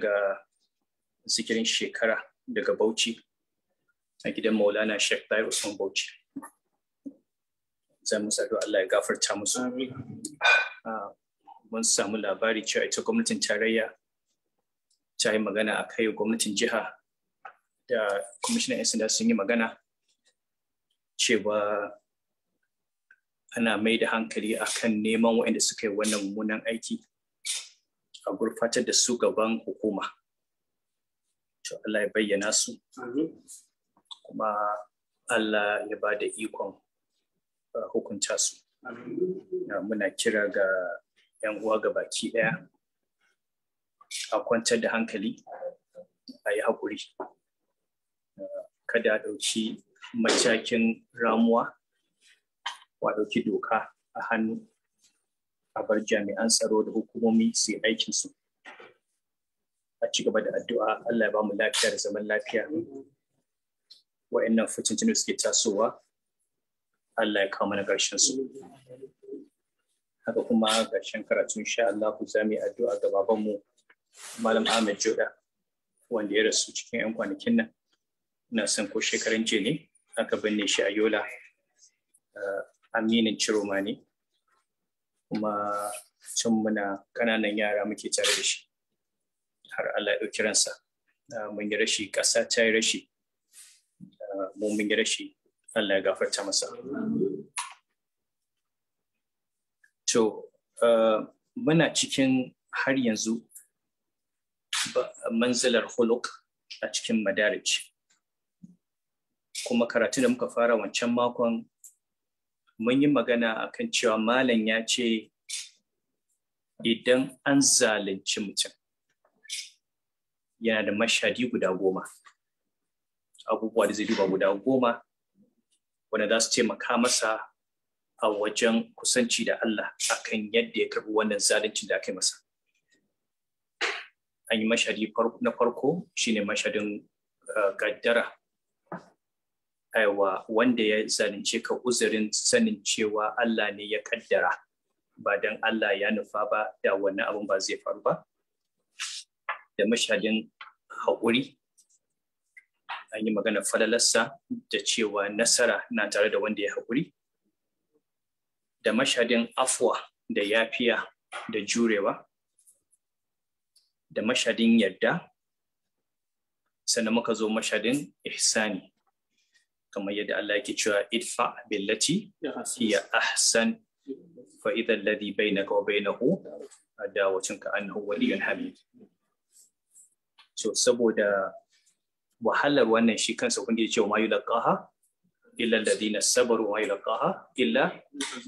ga zikirin shekara daga Bauchi a gidan Maulana Sheikh Tahir Usman Bauchi. Za mu da Allah ya gafarta musu. Ah, mun samu labari cewa ita gwamnatin tarayya ta yi magana a kai gwamnatin jiha da kwamishinan 'yan sanda sun yi magana cewa ana mai da hankali akan neman waɗanda suka yi wannan mummunan aiki a gurfatar da su gaban hukuma to Allah ya bayyana su kuma Allah ya ba da ikon hukunta su muna kira ga 'yan uwa ga baki ɗaya a kwantar da hankali a yi haƙuri kada a ɗauki matakin ramuwa wa ɗauki doka a hannu a bar jami'an tsaro da hukumomi su yi su a ci gaba da addu'a Allah ya bamu lafiya da zaman lafiya wa'annan da suke tasowa Allah ya kawo mana ƙarshen su haka kuma garshen karatu insha Allah ku zami addu'a ga babanmu Malam Ahmed Joda wanda ya rasu cikin 'yan kwanakin nan na san ko shekaran jiya ne aka binne shi a Yola ah, aminin Ciroma ne kuma can muna kananan yara muke tare da shi har Allah ya ɗauki ransa mun yi rashi ƙasa ta yi rashi mun yi rashi Allah ya gafarta masa to eh, muna cikin har yanzu manzilar huluk a cikin madarij kuma karatu da muka fara wancan makon mun yi magana a kan cewa malam ya ce idan an zalunci mutum yana da mashadi guda goma abubuwa da zai duba guda goma wanda za su taimaka masa a wajen kusanci da Allah akan yadda ya karbi wannan zalunci da aka yi masa an yi mashadi na farko shine mashadin gadara. Eh, aiwa wanda ya zalunce ka uzurin sanin cewa Allah ne ya kaddara ba dan Allah ya nufa ba da wannan abun ba zai faru ba da mashadin haƙuri an yi magana falalarsa da cewa nasara na tare da wanda ya hakuri? da mashadin afwa da yafiya da jurewa da mashadin yadda sannan muka zo mashadin ihsani kamar yadda Allah yake cewa idfa billati hiya ahsan fa idha alladhi bainaka wa bainahu adawatun ka annahu waliyyun hamid so saboda wahalar wannan shi kansa kun ce ma yulqaha illa alladhina sabaru wa yulqaha illa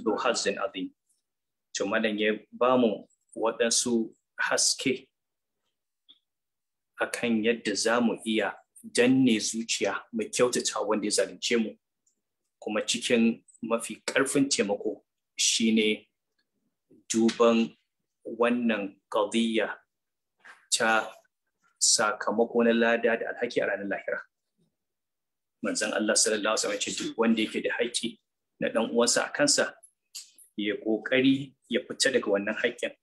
dhu hazzin azim to madan ya bamu waɗansu haske akan yadda za mu iya danne zuciya mai kyautata wanda ya zalunce mu kuma cikin mafi ƙarfin taimako shine duban wannan ƙadiyya ta sakamako na lada da alhaki a ranar lahira manzon Allah sallallahu alaihi wasallam duk wanda yake da haƙƙi na dan uwansa a kansa ya kokari ya fita daga wannan haƙƙin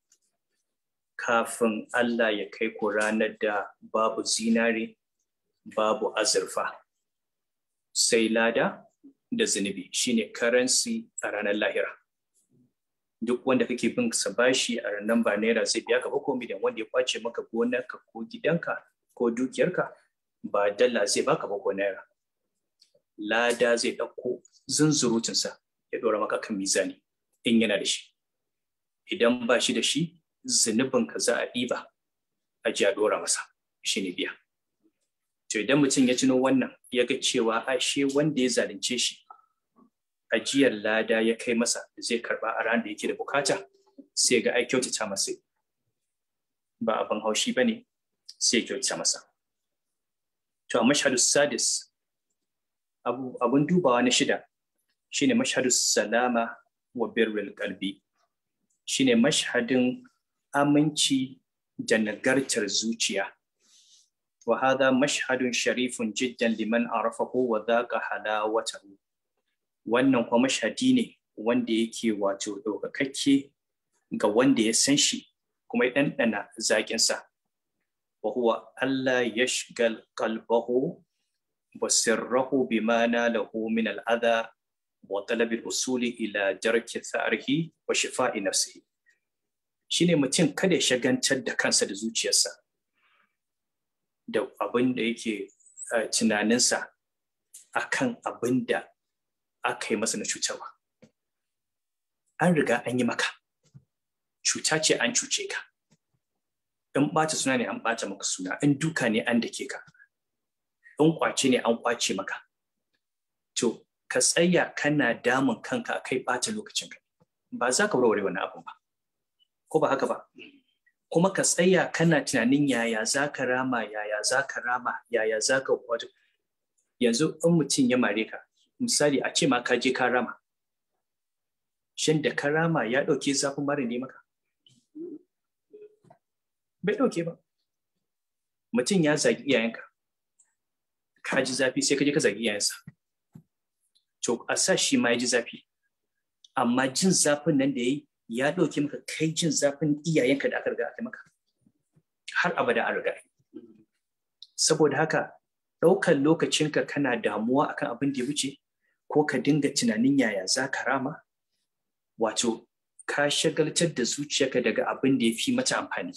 kafin Allah ya kai ku ranar da babu zinare babu azurfa sai lada da zunubi shine currency a ranar lahira duk wanda kake bin sa bashi a ranar ba naira zai biya ka ko miliyan wanda ya kwace maka gonarka ko gidanka ko dukiyarka ba dala zai baka bako naira lada zai ɗauko zunzurutunsa ya ɗora maka kan mizani in yana da shi idan ba shi da shi ka za a ɗiba a ji a ɗora masa shine ne biya to idan mutum ya tuno wannan ya ga cewa ashe wanda ya zalunce shi ajiyar lada ya kai masa zai karba a ran da yake da bukata sai ga ai kyautata masa ba abin haushi bane sai kyautata masa to a mashhadu sadis abun dubawa na shida shine mashhadu salama wa birrul qalbi shine mashhadin aminci da nagartar zuciya وهذا مشهد شريف جدا لمن عرفه وذاك حلاوته wannan kuma mashhadi ne wanda yake wato ɗaukakakke ga wanda ya san shi kuma ya ɗanɗana zaƙinsa wa huwa Allah ya shigal kalbahu basirrahu bima na lahu min al'ada wa talabil usuli ila jarki tsarihi wa shifa'i nafsihi shine mutum kada ya shagantar da kansa da zuciyarsa da abin da yake eh, tunaninsa a kan abin da aka yi masa na cutarwa. An riga an yi maka, cuta ce an cuce ka. In ɓata suna ne an ɓata maka suna, in duka ne an dake ka, in ƙwace ne an ƙwace maka. To, ka tsaya kana damun kanka a kai ɓata lokacinka. Ba za ka warware wani abu ba, ko ba haka ba? kuma ka tsaya kana tunanin yaya za ka rama yaya za ka rama yaya za ka wato yanzu in mutum ya mare ka misali a ce ma ka je ka rama shin da ka rama ya ɗauke zafin mara ne maka bai ɗauke ba mutum ya zagi iyayenka ka ji zafi sai ka je ka zagi iyayensa to a sa shi ma ya ji zafi amma jin zafin nan da ya yi ya ɗauke maka kai jin zafin iyayenka da aka riga aka maka har abada a riga saboda haka ɗaukar lokacinka kana damuwa akan abin da ya wuce ko ka dinga tunanin yaya za ka rama wato ka shagaltar da zuciyarka daga abin da ya fi mata amfani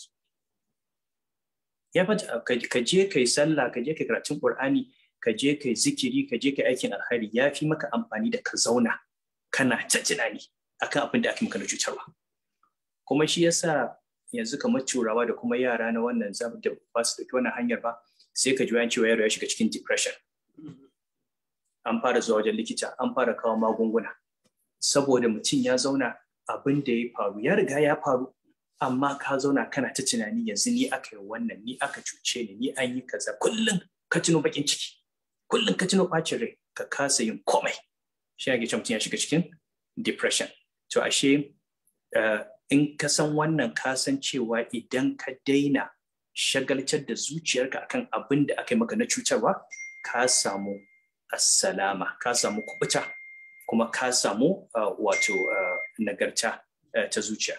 ya fata ka je ka yi sallah ka je ka karatun qur'ani ka je ka yi zikiri ka je ka aikin alhari ya fi maka amfani da ka zauna kana ta tunani akan abin da aka maka cutarwa kuma shi yasa yanzu kamar turawa da kuma yara na wannan da ba su dauki wannan hanyar ba sai ka ji cewa yaro ya shiga cikin depression an fara zuwa wajen likita an fara kawo magunguna saboda mutum ya zauna abin da ya faru ya riga ya faru amma ka zauna kana ta tunani yanzu ni aka yi wannan ni aka cuce ni ni an yi kaza kullum ka tuno bakin ciki kullum ka tuno bacin rai ka kasa yin komai shi ake mutum ya shiga cikin depression to ashe eh, in ka san wannan ka san cewa idan ka daina shagaltar da zuciyarka akan abin da aka yi maka na cutarwa ka samu assalama ka samu kubuta kuma ka samu eh, wato eh, nagarta ta zuciya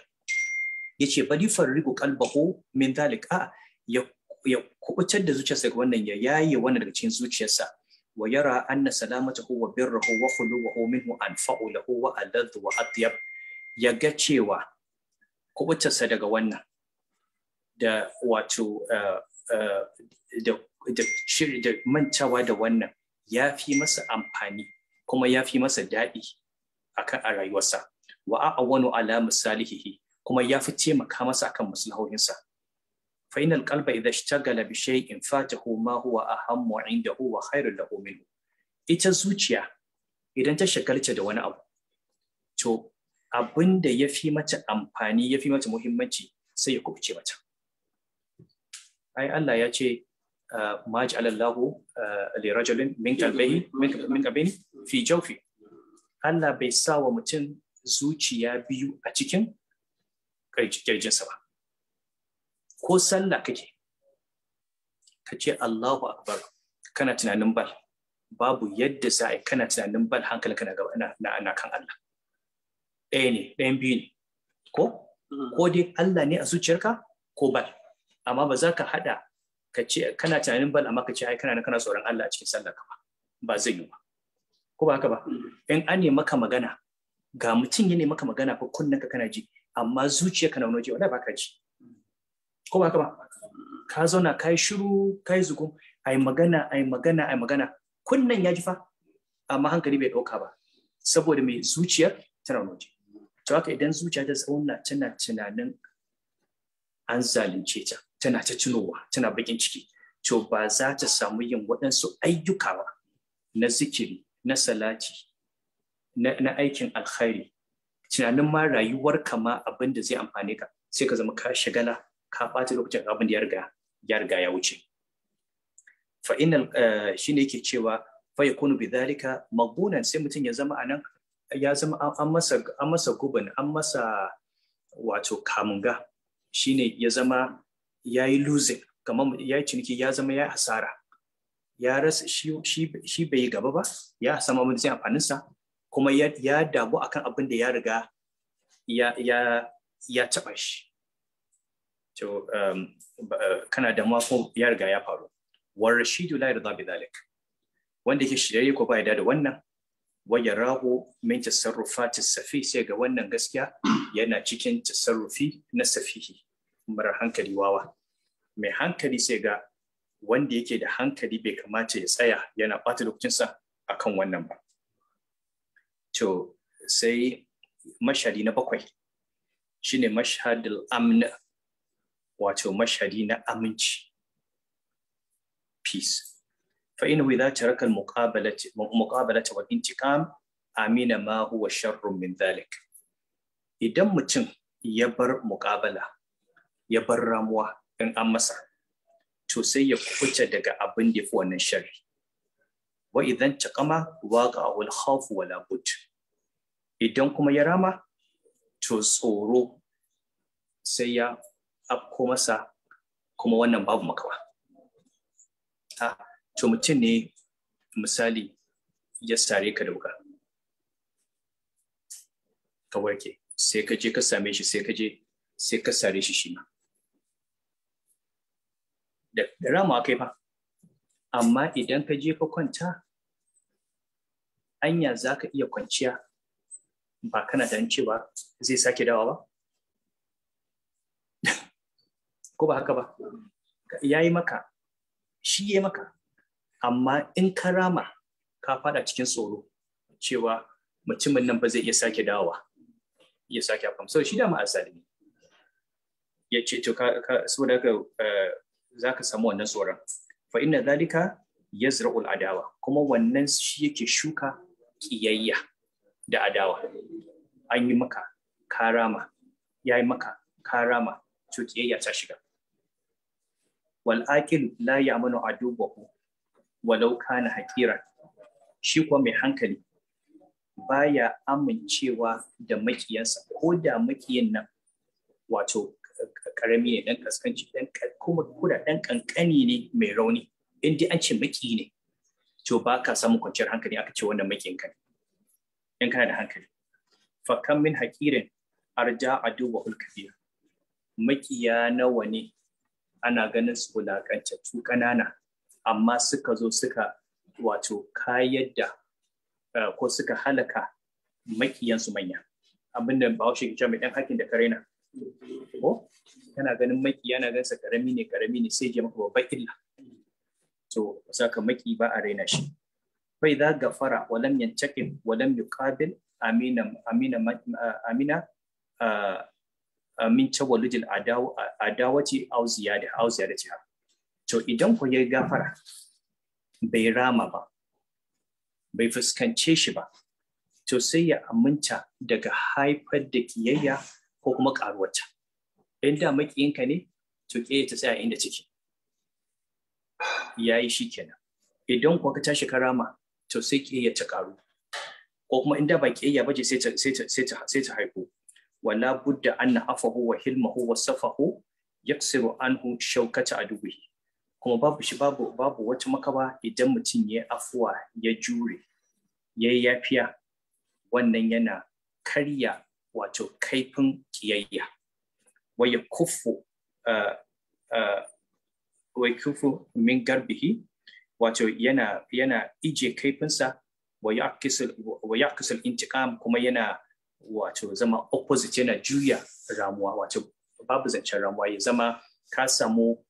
ya ce bari farrigo kalbahu min dalik a ya kubutar da zuciyarsa daga wannan ya yaye wannan daga cikin zuciyarsa wa yara anna salamatahu wa birrahu wa khuluwahu minhu anfa'u lahu wa aladhu wa atyab ya ga cewa kubutarsa daga wannan da wato eh, eh, da mantawa da wannan ya fi masa amfani kuma ya fi masa daɗi akan a rayuwarsa wa a'awanu ala misalihihi kuma ya fi taimaka masa akan maslahohinsa فإن القلب إذا اشتغل بشيء فاته ما هو أهم عنده وخير له منه ita zuciya idan ta shagalta da wani abu to abin da ya fi mata amfani ya fi mata muhimmanci sai ya kubuce mata ai Allah ya ce ma ja'alallahu li rajulin min qalbihi min qalbihi fi jawfi Allah bai sa wa mutum zuciya biyu a cikin kirjinsa ba ko sallah kake ka ce Allahu akbar kana tunanin bal babu yadda za a kana tunanin bal hankali kana gaba na, na, kan Allah ɗaya ne ɗayan biyu ne ko mm. ko dai Allah ne a zuciyarka ko bal amma ba za ka hada ka ce kana tunanin bal amma ka ce ai kana kana tsoron Allah a cikin sallar ka ba ba zai yi ba ko ba haka ba mm. in an ne maka magana ga mutum ya ne maka magana ko kunna ka kana ji amma zuciyarka na wani waje wala ba ka ji ko ba ka ba ka zauna ka yi shiru ka yi zugun a yi magana a yi magana a yi magana Kunnan ya ji fa amma hankali bai ɗauka ba saboda mai zuciyar tana waje to haka idan zuciya ta zauna tana tunanin an zalunce ta tana ta tunowa tana bakin ciki to ba za ta samu yin waɗansu ayyuka ba na zikiri na salati na, aikin alkhairi tunanin ma rayuwar kama abin da zai amfane ka sai ka zama ka shagala ka ɓata lokacin abin da ya riga ya wuce fa eh, shi ne yake cewa fa ya kunu bidhalika Magunan sai mutum ya zama a nan ya zama an masa an masa guban an masa wato kamunga shine ya zama ya yi losing kamar ya yi ciniki ya zama ya yi hasara ya rasa shi bai yi gaba ba ya sama abin zai amfaninsa kuma ya damu akan abin da ya riga ya ya shi to um, uh, kana da mako ya riga ya faru war rashidu la yarda bi wanda yake shirye ko ba da wannan wa yarahu min tasarrufati safi sai ga wannan gaskiya yana cikin tasarrufi na safihi mara hankali wawa mai hankali sai ga wanda yake da hankali bai kamata ya tsaya yana ɓata lokacinsa akan wannan ba to sai mashadi na bakwai shine mashhadul amna wato mashari na aminci peace fa in idha taraka al-muqabalati muqabalati wal intiqam amina ma huwa sharrun min dhalik idan mutum ya bar muƙabala, ya bar ramuwa in an masa to sai ya kuce daga abin da fi wannan sharri wa idan taqama waƙa al-khawf wala bud idan kuma ya rama to tsoro sai ya afko masa kuma wannan babu makawa ha ah, to mutum ne misali ya sare ka da wuka ka warke sai ka je ka same shi sai ka je sai ka sare shi shi ma da rama kai fa amma idan ka je ka kwanta anya za ka iya kwanciya ba kana da cewa zai sake dawa ba ko ba haka ba ya yi maka shi ya maka amma in ka rama ka fada cikin tsoro cewa mutumin nan ba zai iya sake dawowa ya sake afam so shi dama ne. ya ce to ka saboda ka eh, za ka samu wannan tsoron fa inna zalika yazra'ul adawa kuma wannan shi yake shuka kiyayya da adawa an yi maka karama ya yi maka karama to kiyayya ta shiga wal aqil la ya'manu adubahu walau kana haƙira shi kuwa mai hankali baya amincewa da makiyansa ko da makiyan nan wato karami ne dan kaskanci kuma kuda dan kankani ne mai rauni in dai an ce maki ne to ba ka samun kwanciyar hankali aka ce wannan makin ka in kana da hankali fa kam min haqirin arja adu wa ulkabiya makiya nawa ne ana ganin su wulaƙantattu ƙanana amma suka zo suka wato kayar da eh, ko suka halaka makiyansu manya da bahaushe ke cewa mai ɗan hakin da karena ko kana ganin maki yana gansa karami ne karami ne sai ya maka babban illa to saka maki ba a raina shi fa idza gafara wa lam yantaqim wa lam yuqabil amina amina eh, amina eh, Uh, min tawallujil adawati aw ziyada da ziyadatiha to idan ku ya gafara bai rama ba bai fuskance shi ba to sai ya aminta daga haifar da kiyayya ko kuma karuwarta in da makiyinka ne to kiyayya ta tsaya inda Ya yi shi kenan idan kuwa ka tashi ka rama to sai kiyayya ta karu ko kuma in da ba kiyayya ba ce sai ta haifu. wala budda anna afahu wa hilmahu wa safahu yaksiru anhu shaukata adubihi kuma babu shi babu babu wata makaba idan mutum ya afuwa ya jure ya yafiya wannan yana karya wato kaifin kiyayya wa ya uh, uh, wa kufu min garbihi wato yana yana ije kaifinsa wa ya kisal intiqam kuma yana wato zama opposite yana juya ramuwa wato babu zancen ramuwa ya zama ka samu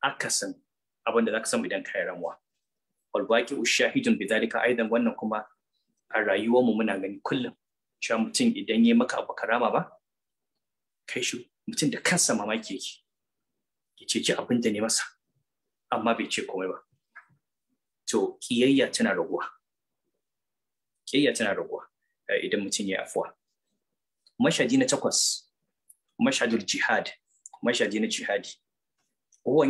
akasin abin za ka samu idan ka yi ramuwa walbaki ushahidun bi zalika aidan wannan kuma a rayuwar mu muna gani kullum cewa mutum idan ya maka abu karama ba kai shi mutum da kansa mamaki yake ya ce ki abin da ne masa amma bai ce komai ba to kiyayya tana raguwa kiyayya tana raguwa eh, idan mutum ya yi afuwa mashadi na takwas mashadul jihad mashadi na jihadi huwa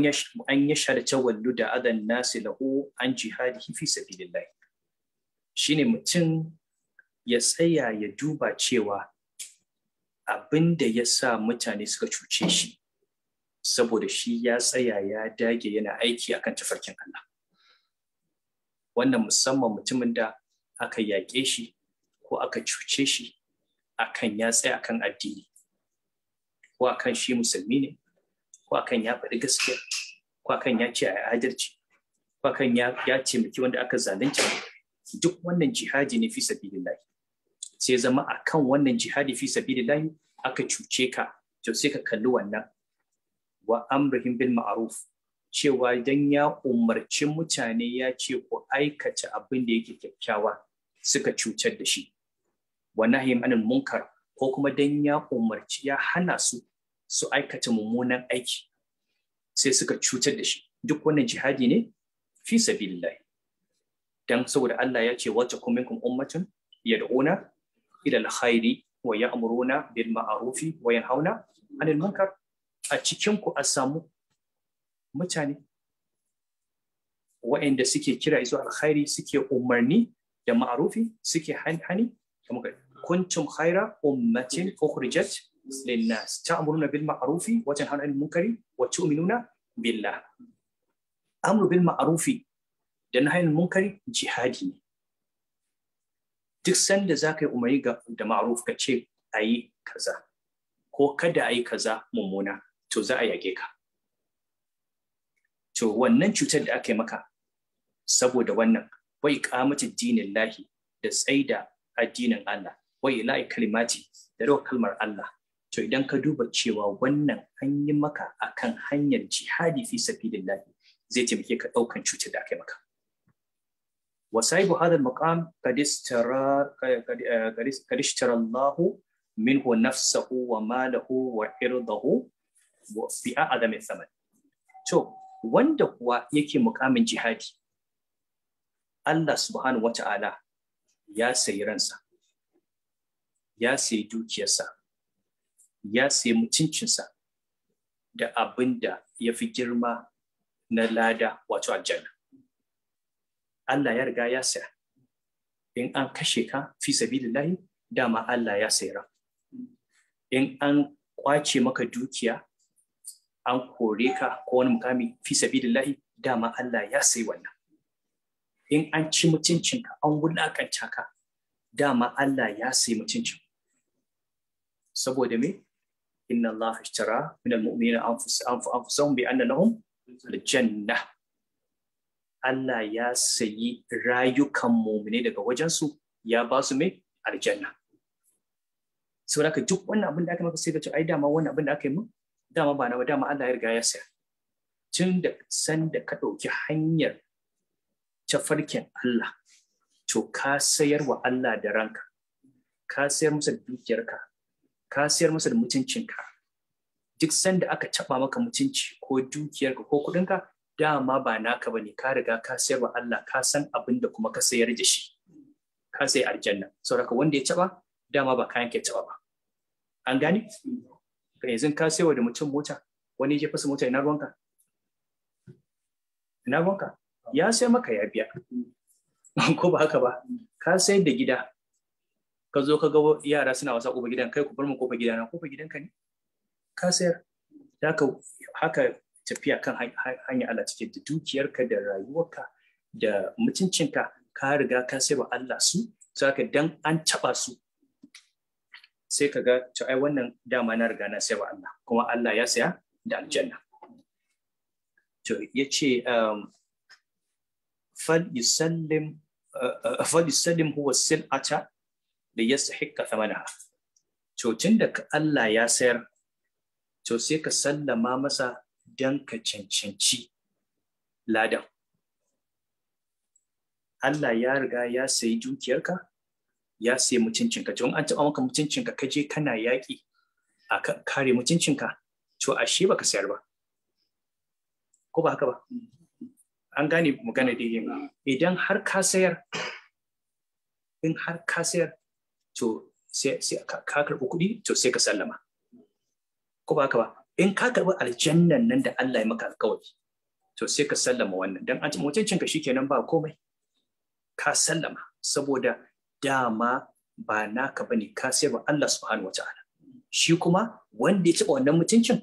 an yashhad tawallu da adan nasi lahu an jihadi fi sabilillah shine mutum ya tsaya ya duba cewa abin da ya sa mutane suka cuce shi saboda shi ya tsaya ya dage yana aiki akan tafarkin Allah wannan musamman mutumin da aka yaƙe shi ko aka cuce shi akan ya tsaya akan addini ko akan shi musulmi ne ko akan ya faɗi gaskiya ko akan ya ce a adalci ko akan ya ce taimaki wanda aka zalunci duk wannan jihadi ne fi layi. sai zama akan wannan jihadi fi layi aka cuce ka to sai ka kalli wannan wa amrihim bil maaruf cewa dan ya umarci mutane ya ce ku aikata abin da yake kyakkyawa suka cutar da shi wa nahim anil munkar ko kuma dan ya umarci ya hana su su aikata mummunan aiki sai suka cutar da shi duk wannan jihadi ne fi sabilillah dan saboda Allah ya ce wata kuminkum ummatun yad'una ila alkhairi wa ya'muruna bil ma'rufi wa yanhauna 'anil munkar a cikin ku a samu mutane wa'anda suke kira zuwa alkhairi suke umarni da ma'rufi suke hani kamar kuntum khaira ummatin ukhrijat linnas ta'muruna bil ma'rufi wa tanhauna 'anil munkari wa tu'minuna billah amru bil ma'rufi da nahyin munkari jihadi ne duk sanda zaka yi umarni da ma'ruf ka ce ayi kaza ko kada ayi kaza mummuna to za a yage ka to wannan cutar da aka yi maka saboda wannan wai kamata dinin lahi da tsaida addinin Allah wa ila'i kalimati da rawa kalmar Allah to idan ka duba cewa wannan an yi maka a kan hanyar jihadi fi sabilillahi zai taimake ka ɗaukan cutar da aka yi maka وصاحب هذا المقام minhu اشترى قد اشترى الله منه نفسه وماله وعرضه بأعظم الثمن. To wanda kuwa yake mukamin jihadi Allah subhanahu wata'ala ya sayi ransa ya sayi dukiyarsa ya sayi mutuncinsa da abin da ya fi girma na lada wato aljanna Allah ya riga ya saya in an kashe ka fi sabilillahi dama Allah ya ra. in an kwace maka dukiya an kore ka ko wani mukami fi sabilillahi dama Allah ya sayi wannan in an ci mutuncinka an wulakanta ka dama Allah ya sayi mutuncin saboda me inna Allah ishtara min almu'minina anfusahum bi anna lahum aljanna Allah ya sayi rayukan mu'mine daga wajensu ya ba su me aljanna saboda ka duk wannan abin da aka maka sai ka ce ai dama wannan abin da aka yi mun dama ba ba dama Allah ya riga ya saya tun da san da ka ɗauki hanyar tafarkin Allah to ka sayar wa Allah da ranka ka sayar masa dukiyarka ka sayar masa da mutuncinka duk sanda aka taba maka mutunci ko dukiyarka ko kuɗinka dama ba naka ba ne, ka riga ka sayar wa Allah ka san abin da kuma ka sayar da shi ka sayi aljanna saboda wanda ya taba dama ba kayan ke taba ba an gane yanzu ka wa da mutum mota wani ya fasa mota ina ruwanka ya sai maka ya biya ko ba haka ba ka sayar da gida ka zo ka ga yara suna wasa kofa gidan kai ku bar mu kofar kofa gidanka ne ka sayar ka haka tafiya kan hanya Allah cike da dukiyarka da rayuwarka da mutuncinka ka riga ka sayar wa Allah su saka dan an taba su sai ka ga to ai wannan dama na riga na sai wa Allah kuma Allah ya saya da aljanna to yace um, فليسلم فليسلم هو السلعة ليستحق ثمنها to tunda Allah ya sayar to sai ka sallama masa don ka cancanci ladan Allah ya riga ya sayi dukiyarka ya sayi mutuncinka to an taɓa maka mutuncinka ka je kana yaƙi a kare mutuncinka to ashe baka sayar ba ko ba haka ba an gane magana da yin mm. idan har ka sayar in har ka sayar to sai ka karɓi kuɗi to sai ka sallama ko ba ka ba in ka karɓi aljannan nan da Allah ya maka alƙawari to sai ka sallama wannan dan an mutuncin ka shikenan ba komai ka sallama saboda dama ba naka bane ka sai ba Allah subhanahu wataala shi kuma wanda ya taɓa wannan mutuncin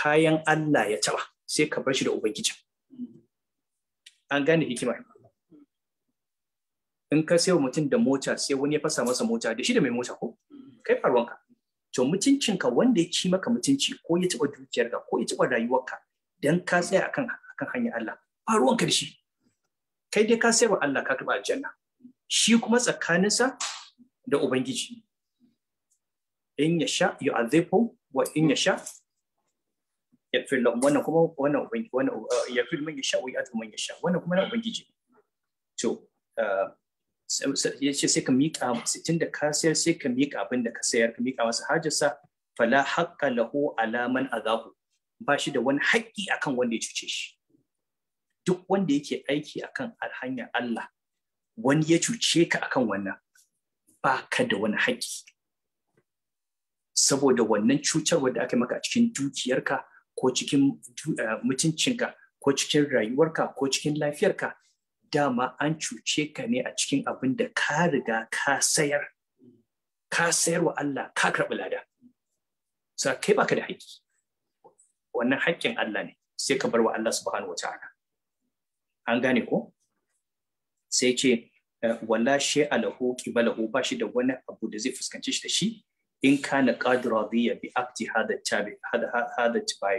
kayan Allah ya taɓa sai ka bar shi da ubangijin an gane hikima. in ka sayo mutum da mota sai wani ya fasa masa mota da shi da mai mota ko kai faruwanka to mutuncinka wanda ya ci maka mutunci ko ya taɓa dukiyarka ko ya taɓa rayuwarka dan ka tsaya akan akan hanyar Allah faruwanka da shi kai dai ka wa Allah ka karɓa aljanna shi kuma tsakaninsa da ubangiji in yasha sha yu'adhibu wa in yasha ya fillan wannan kuma wannan ubangi wannan eh, ya fillan man yasha wa ya man yasha wannan kuma na ubangiji to eh, ya ce sai ka miƙa tun da ka sayar sai ka miƙa abin da ka sayar ka miƙa masa hajarsa fala haqqa lahu alaman azahu ba shi da wani haƙƙi akan wanda ya cuce shi duk wanda yake aiki akan alhanya Allah wani ya cuce ka akan wannan ba ka da wani haƙƙi saboda wannan cutarwa da aka maka a cikin dukiyarka ko cikin eh, mutuncinka ko cikin rayuwarka ko cikin lafiyarka dama an cuce ka ne a cikin abin da ka riga ka sayar ka sayar wa Allah ka karɓi lada sa kai baka da haƙƙi wannan haƙƙin Allah ne sai ka bar wa Allah subhanahu wa ta'ala an gane ko sai ce eh, wala she alahu kibalahu ba shi da wani abu da zai fuskanci shi da shi in kana qadira dhiya bi akti hada tabi hada hada tabi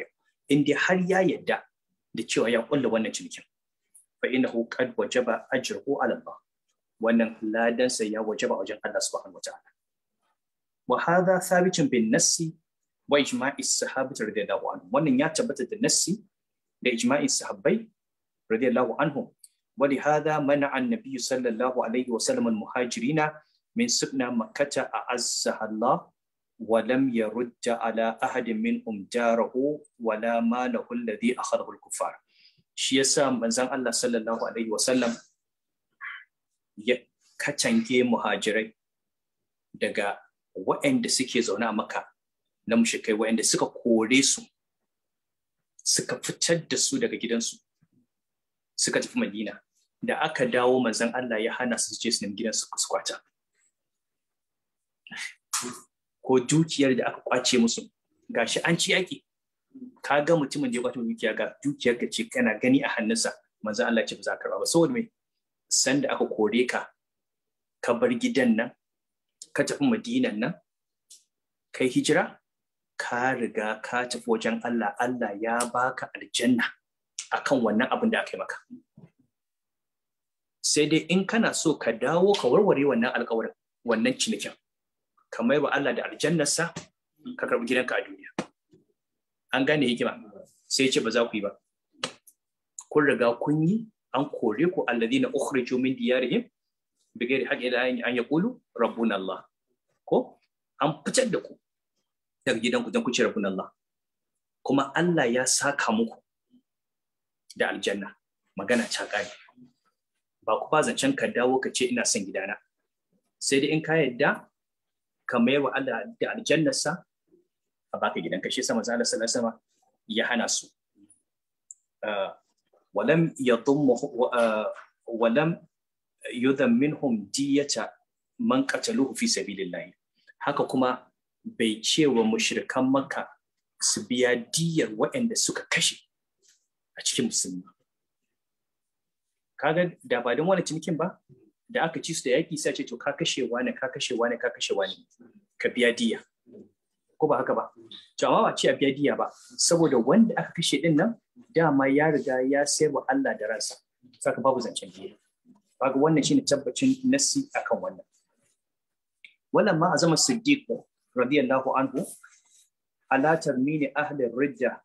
in dai har ya yadda da cewa ya kulla wannan cinikin fa innahu qad wajaba ajruhu ala Allah wannan ladansa ya wajaba wajen Allah subhanahu wataala wa hadha thabitun bin nassi wa ijma'i sahabati radiyallahu Anhu, wannan ya tabbata da nassi da ijma'in sahabbai radiyallahu anhum wa li hada mana an-nabiy sallallahu alaihi wa al-muhajirina min sukna makkata a'azzaha Allah ولم يرد على أحد منهم جاره ولا ماله الذي أخذه الكفار shi yasa manzon Allah sallallahu alaihi wasallam ya kacange muhajirai daga waɗanda suke zaune a maka na mushrikai waɗanda suka kore su suka fitar da su daga gidansu suka tafi madina da aka dawo manzon Allah ya hana su je su nemi gidansu su kwata ko dukiyar da aka kwace musu gashi an ci yaki ka ga mutumin da ya kwace dukiya ga dukiyar ka ce kana gani a hannunsa manzo Allah ce ba za ka ba saboda me san da aka kore ka ka bar gidan nan ka tafi madinan nan kai hijira ka riga ka tafi wajen Allah Allah ya baka aljanna akan wannan abin da aka yi maka sai dai in kana so ka dawo ka warware wannan alkawarin wannan cinikin ka ba Allah da aljannarsa ka karɓi gidanka a duniya an gane hikima sai ce ba za ku yi ba kun riga kun yi an kore ku alladhina ukhriju min diyarihim bighairi haqqin ila an yaqulu rabbuna Allah ko an fitar da ku daga gidanku don ku ce rabbuna Allah kuma Allah ya saka muku da aljanna magana ta kare ba ku ba zancen ka dawo ka ce ina son gidana sai dai in ka yadda ka mayar wa Allah da aljannarsa a baka gidan kashi sama zalla sallallahu sama ya hana su ah, walam yadhum ah, walam yudham minhum diyata man qataluhu fi sabilillah haka kuma bai ce wa mushrikan maka su biya diyar waɗanda suka kashe a cikin musulma. kaga da ba don wani cinikin ba da aka ci su da yaƙi sai ce to ka kashe wani ka kashe wani ka kashe wani ka biya diya ko ba haka ba to amma ba ce a biya diya ba saboda wanda aka kashe din nan dama ya riga ya sayar wa Allah da ransa saka babu zancen diya kaga wannan shine tabbacin nasi akan wannan wannan ma azama siddiq radiyallahu anhu ala tarmini ahli ridda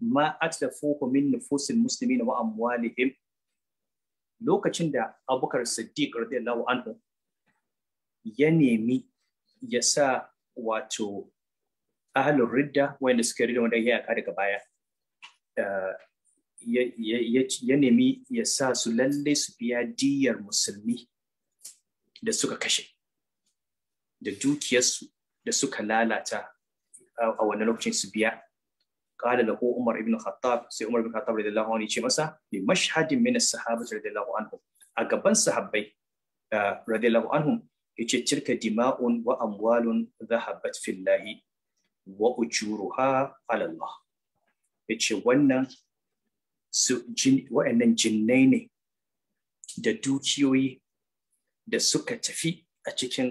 ma atlafuhu min nufusil muslimin wa amwalihim lokacin da abubakar siddiq radiyallahu anhu ya nemi ya sa wato ahalin ridda wanda suka ridda wanda ya yaka daga baya eh, ya nemi ya sa su lalle su biya diyar musulmi da suka kashe da dukiyarsu da suka lalata a wannan lokacin su biya da lahu umar ibn khattab sai umar ibn khattab radiyallahu anhu ce masa li mashhadin min as-sahabati radiyallahu anhu. a gaban sahabbai eh, radiyallahu anhum yace cirka dima'un wa amwalun zahabat fillahi wa ujuruha ala Allah yace wannan su wa'annan jinnai ne da dukiyoyi da suka tafi a cikin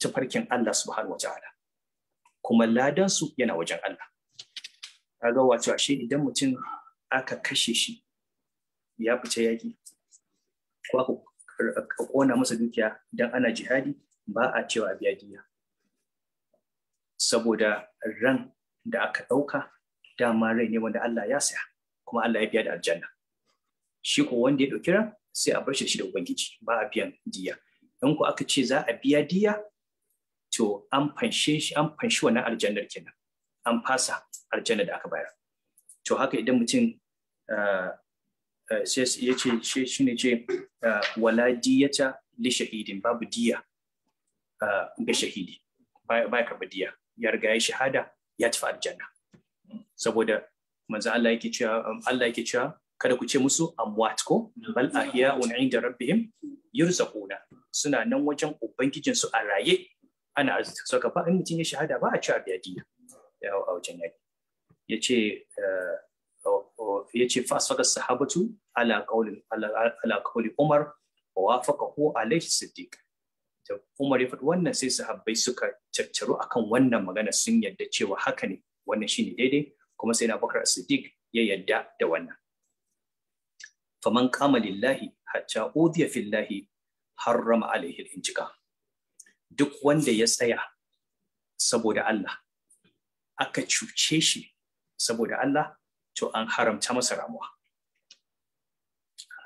tafarkin Allah subhanahu ta'ala kuma ladansu yana wajen Allah kaga wato ashe idan mutum aka kashe shi ya fice yaki, ko aka kona masa dukiya dan ana jihadi ba a cewa biya diya saboda ran da aka ɗauka dama rai ne wanda Allah ya saya kuma Allah ya biya da aljanna shi ko wanda ya ɗauki ran sai a bar shi da ubangiji ba a biyan diya in ko aka ce za a biya diya to an fanshe shi an fanshi wannan aljannar kenan an fasa aljanna da aka bayar to haka idan mutum ah, ah, ya ce shi ne ce ah, wala diyata li shahidin babu diya ga shahidi baya karɓa diya ya riga ya shahada ya tafi aljanna saboda manzo Allah yake cewa Allah yake cewa kada ku ce musu amwat ko bal ahya'un 'inda rabbihim yurzaquna suna nan wajen ubangijin su a raye ana arziki saka ba in mutum ya shahada ba a cewa biya diya a wajen yaki yace eh, yace fa asfaka sahabatu ala qawli umar wa ko alayhi siddiq umar ya faɗi wannan sai sahabbai suka caccaru akan wannan magana sun yadda cewa haka ne wannan shine daidai kuma sai na bakar siddiq ya yadda da wannan faman kama lillahi hatta udiya fillahi harrama alaihi injika duk wanda ya tsaya saboda Allah aka cuce shi saboda Allah to an haramta masa ramuwa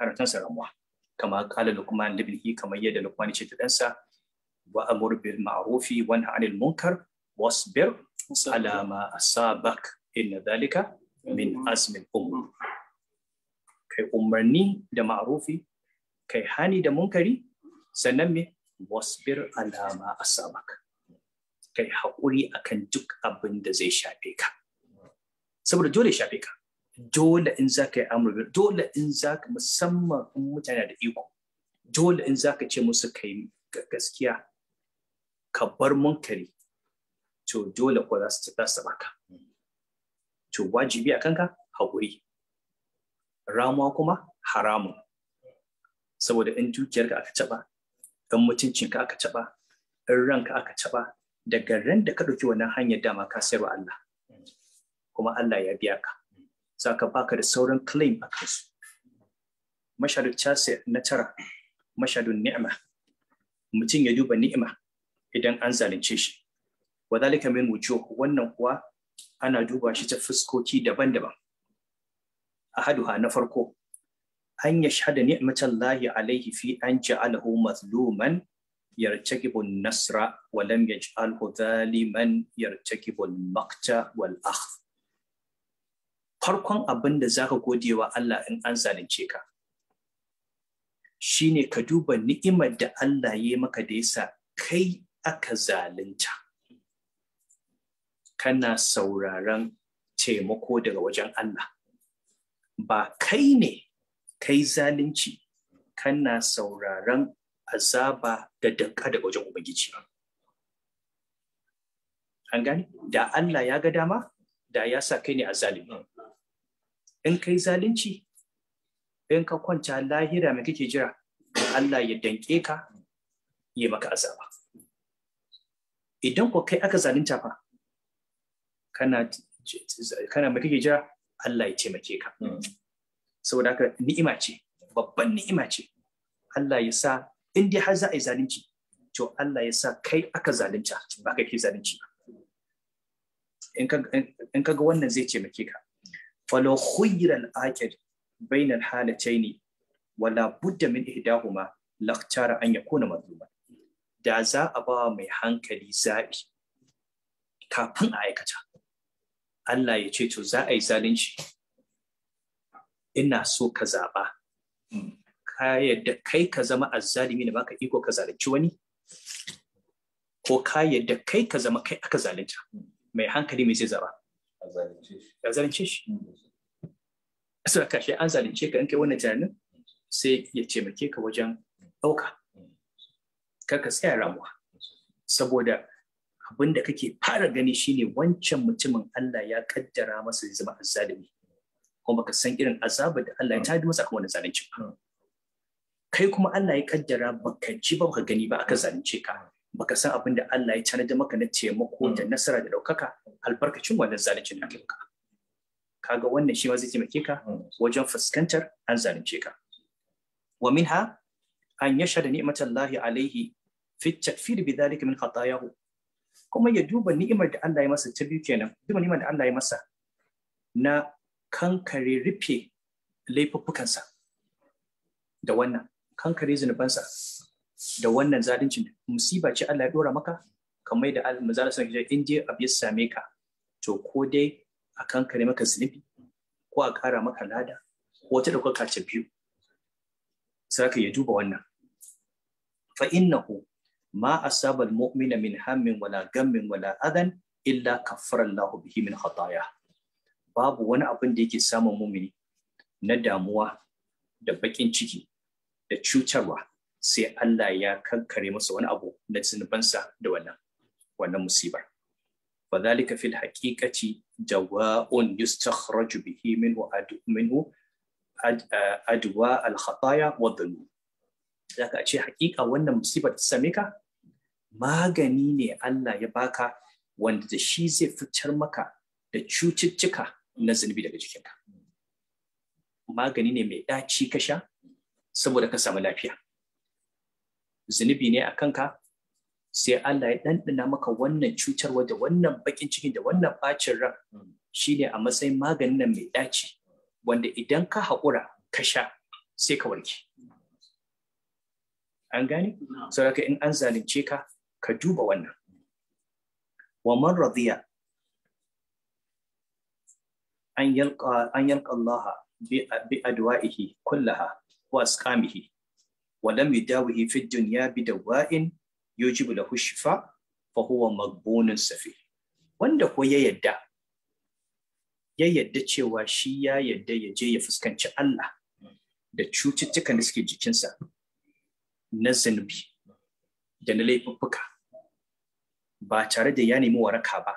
haramta masa ramuwa kama kala lukman libnihi kamar yadda lukman ce ta ɗansa. wa amur bil ma'rufi wa nahy anil munkar wasbir ala ma asabak inna dhalika min al umur kai umarni da ma'rufi kai hani da munkari sannan me wasbir ala ma asabak kai haƙuri akan duk abin da zai shafe ka saboda dole shafe ka dole in za ka yi amurka dole in za ka musamman in mutane da iko dole in za ka ce musu ka yi gaskiya ka bar munkari to dole ko za su ta saba ka to wajibi a kanka haƙuri ramuwa kuma haramun saboda in dukiyarka aka taɓa in mutuncinka aka taɓa in ranka aka taɓa daga ran da ka ɗauki wannan hanyar dama ka sayarwa Allah kuma Allah ya biya ka za ka baka da sauran claim a kansu mashadu chase na tara mashadu ni'ima mutum ya duba ni'ima idan an zalunce shi wa zalika min wujuh wannan kuwa ana duba shi ta fuskoki daban-daban ahaduha na farko an yashhada ni'matallahi alaihi fi an ja'alahu mazluman يرتكب النسر ولم يجعله ظالما يرتكب المقت والأخذ farkon abin da za ka gode wa Allah in an zalunce ka shine ka duba ni'imar da Allah ya maka da yasa kai aka zalunta kana sauraron taimako daga wajen Allah ba kai ne kai zalunci kana sauraron azaba da danka daga wajen ubangiji an gani? da Allah ya ga dama da ya sa kai ne a zalimi in kai zalunci in ka kwanta lahira mai kake jira Allah ya danke ka yi maka azaba idan ku kai aka zalunta fa kana kana mai kake jira Allah ya taimake ka hmm. saboda haka ni'ima ce babban ni'ima ce Allah ya sa in dai har za a yi zalunci to Allah ya sa kai aka zalunta ba kai ke zalunci ba in ka ga wannan zai ce maki ka falo khuyral aqid bainal halataini wala budda min ihdahuma laqtara an yakuna mazluma da za a ba mai hankali zabi kafin a aikata Allah ya ce to za a yi zalunci ina so ka zaba hmm. ka yadda kai ka zama azzalimi da baka iko ka zalunci wani ko ka yadda kai ka zama kai aka zalunta mai hankali mai zai zaba a zalunce shi mm. sai ka shi an zalunce ka in kai wannan tunanin sai ya taimake ka wajen ɗauka karka ka tsaya ramuwa saboda abin da kake fara gani shine wancan mutumin Allah ya kaddara masa zama azzalimi kuma ka san irin azabar da Allah ya mm. tadi masa kan wannan zalunci mm. kai kuma Allah ya kaddara baka ji ba baka gani ba aka zalunce ka baka san abin da Allah ya tanada maka na taimako da nasara da ɗaukaka albarkacin wannan zaluncin da ka kaga wannan shi ma zai taimake ka wajen fuskantar an zalunce ka wa minha an yashhada ni'matallahi alaihi fi takfir bi dhalika min khatayahu kuma ya duba ni'imar da Allah ya masa ta biyu kenan duba ni'imar da Allah ya masa na kankare rufe laifuffukansa da wannan kankare zunubansa da wannan zalincin musiba ce Allah ya dora maka kamar da manzala sun ce in je abu ya same ka to ko dai a kankare maka zunubi ko a kara maka lada ko ta dauka ta biyu sai ka ya duba wannan fa innahu ma asaba al-mu'mina min hammin wala gammin wala adan illa kaffara Allahu bihi min khataya babu wani abin da yake samun mumini na damuwa da bakin ciki da cutarwa sai Allah ya kankare masa wani abu na zunubansa da wannan wannan musibar فذلك في الحقيقة دواء يستخرج به منه منه أدواء الخطايا والذنوب zaka a ce hakika wannan musibar ta same ka magani ne Allah ya baka wanda da shi zai fitar maka da cututtuka na zunubi daga jikinka magani ne mai ɗaci ka sha saboda ka samu lafiya zunubi ne a kanka sai Allah ya ɗanɗana maka wannan cutarwa da wannan bakin ciki da wannan ɓacin ran shi ne a matsayin maganin nan mai ɗaci wanda idan ka haƙura ka sha sai ka warke an gane Sauraka in an zalunce ka ka duba wannan wa man radiya an yalƙa Allah bi adwa'ihi kullaha وأسقامه ولم يداوه في الدنيا بدواء يجب له الشفاء فهو مقبون سفيه wanda ko ya yadda ya yadda cewa shi ya yadda ya je ya fuskanci Allah da cututtukan da suke jikinsa na zunubi da na laifuffuka ba tare da ya nemi waraka ba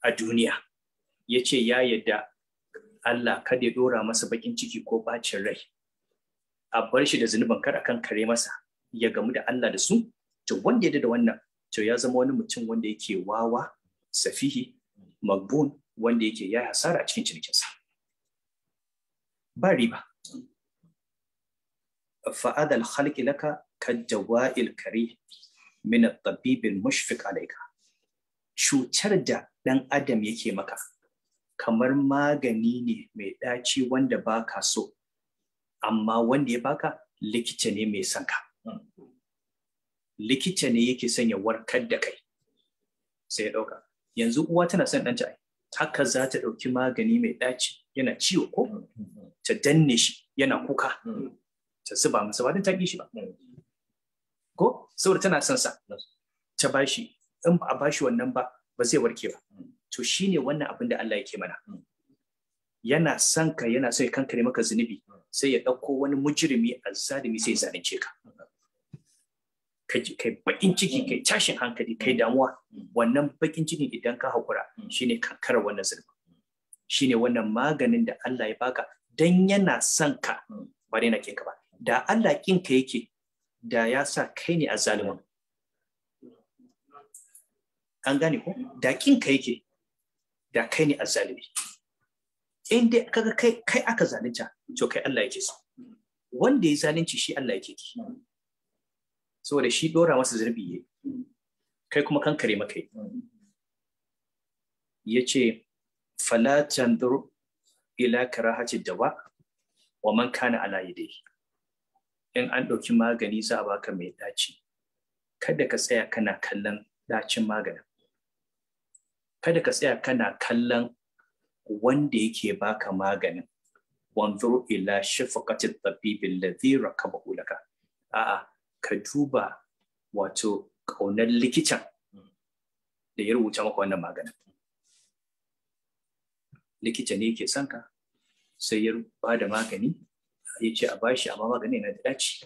a duniya ya ce ya yadda Allah kada ya dora masa bakin ciki ko bacin rai a bar shi da zunuban kar akan kare masa ya gamu da Allah da su to wanda ya da wannan to ya zama wani mutum wanda yake wawa safihi magbun wanda yake ya hasara a cikin cinikinsa ba riba fa'ad al laka ka kajawa'il kari min at-tabib al-mushfiq alayka cutar da dan adam yake maka kamar magani ne mai daci wanda baka so amma wanda ya baka likita ne mai son ka hmm. likita ne yake son ya warkar da kai sai ya ɗauka yanzu uwa tana son ɗanta ai haka za ta ɗauki magani mai ɗaci yana ciwo ko hmm, hmm, ta danne shi yana kuka ta zuba masa ba ta ƙi shi ba ko saboda tana son sa ta bashi in ba a bashi wannan ba ba zai warke ba to shi ne wannan abin da Allah yake mana yana son ka yana so ya kankare maka zunubi sai ya ɗauko wani mujirimi a zalimi sai ya zalunce ka kai bakin ciki kai tashin hankali kai damuwa wannan bakin ciki idan ka haƙura shine kankarar wannan zunubi shine wannan maganin da Allah ya baka dan yana son ka ba dai na ka ba da Allah ka yake da ya sa kai ne a zalimi? an gane ko da ka yake da kai ne a zalimi? in dai kaga kai kai aka zalunta to kai Allah yake so wanda ya zalunci shi Allah yake ki saboda shi dora masa zurbi yayi kai kuma kankare maka yi yace fala tanzur ila karahati dawa wa man kana ala yadayhi in an ɗauki magani za a baka mai ɗaci kada ka tsaya kana kallon ɗacin maganin kada ka tsaya kana kallon wanda yake baka maganin wanzuru ila shafaqati tabibi rakaba ulaka a a'a ka duba wato kaunar likitan da ya rubuta maka wannan maganin likita ne yake sanka sai ya ba da magani ya ce a bashi amma maganin na da daci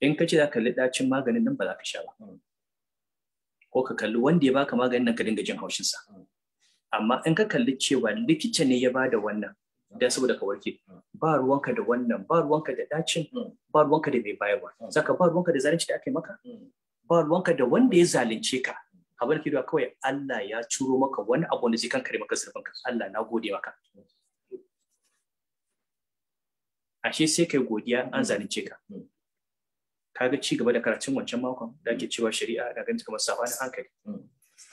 in ka ce za ka dacin maganin nan ba za ka sha ba ko ka kalli wanda ya baka maganin nan ka dinga jin haushinsa amma in ka kalli cewa likita ne ya bada wannan dan saboda ka warke ba ruwanka da wannan ba ruwanka da dacin ba ruwanka da mai bayarwa zaka ba ruwanka da zalunci da aka yi maka ba ruwanka da wanda ya zalunce ka abin da kawai Allah ya ciro maka wani abu wanda zai kan kare maka zurfin Allah na gode maka ashe sai kai godiya an zalunce ka kaga ci gaba da karatun wancan makon da ake cewa shari'a da ganin kamar sabanin hankali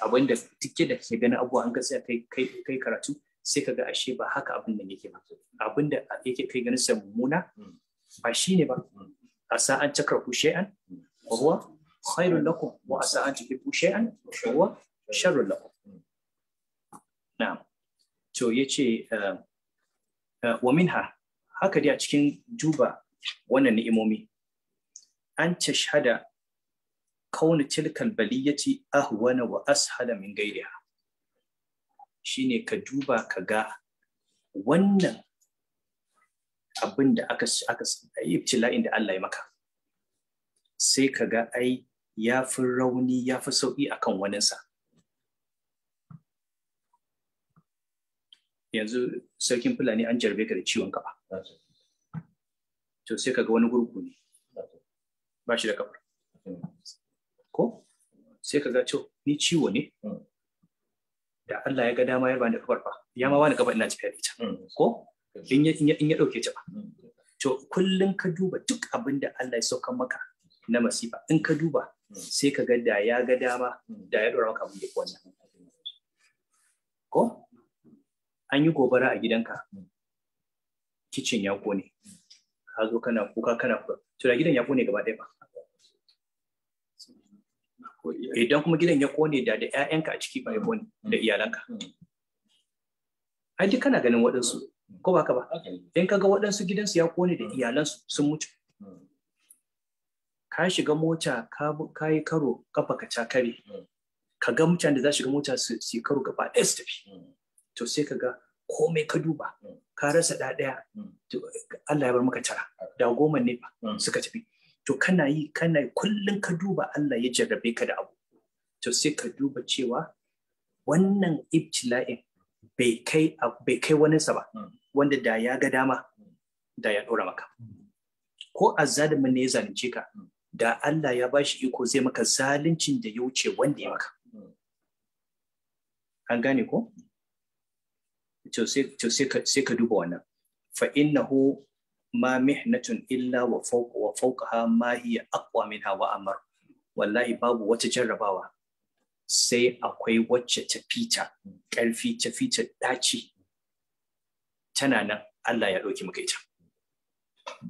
abin da tike da ke ganin abubuwa an gaskiya kai kai karatu sai ka ga ashe ba haka abin nan yake ba abin da yake kai ganin sa mummuna hmm. ba shine ba hmm. a sa an ku shay'an wa huwa khairul lakum wa asa an tuhibbu shay'an wa huwa sharrul lakum na'am to yace eh, eh, wa minha haka dai a cikin duba wannan ni'imomi an tashhada kauna tilkal baliyati ahwana wa ashala min gairiha shine ka duba ka ga wannan abin da aka aka ibtila da Allah ya maka sai ka ga ai ya fi rauni ya fi sauƙi akan waninsa yanzu sarkin fulani an jarbe ka da ciwon kafa to sai ka ga wani gurgu ne ba shi da kafa ko sai ka ga ni ciwo ne mm. da Allah ya ga dama ya bani kafar fa ya ma bani kafar ina ci da ita mm. ko in ya in ya dauke ta ba mm. to kullun ka duba duk abin da Allah ya sauka maka na masifa in ka duba sai ka ga da ya ga dama da ya dora maka abin da wannan ko an yi gobara a gidanka kicin ya kone ka zo kana kuka kana kuka to da gidan ya kone gaba ɗaya ba idan kuma gidan ya kone da da ƴaƴanka a ciki ba ya kone da iyalanka ai duk kana ganin waɗansu ko ba ka ba in ka ga waɗansu gidansu ya kone da iyalansu sun mutu ka shiga mota ka yi karo kafa ka cakare ka ga mutane da za shiga mota su su karo gaba ɗaya su tafi to sai ka ga komai ka duba ka rasa ɗaya Allah ya bar maka tara da goma ne ba mm. suka tafi to kana yi kana kullum ka duba Allah ya jarrabe ka da abu to sai ka duba cewa wannan ibtila'in bai kai bai kai wani sa ba hmm. wanda da ya ga dama da ya dora maka ko mun ne ya zalunce ka hmm. da Allah ya bashi iko zai maka zaluncin da ya wuce wanda ya maka hmm. an gane ko to sai ka duba wannan fa innahu ma mihnatun illa wa fawqa wa fawqaha ma hiya aqwa amar wallahi babu wata jarrabawa sai akwai wacce ta fita ƙarfi ta fita ɗaci. tana nan Allah ya ɗauki maka ita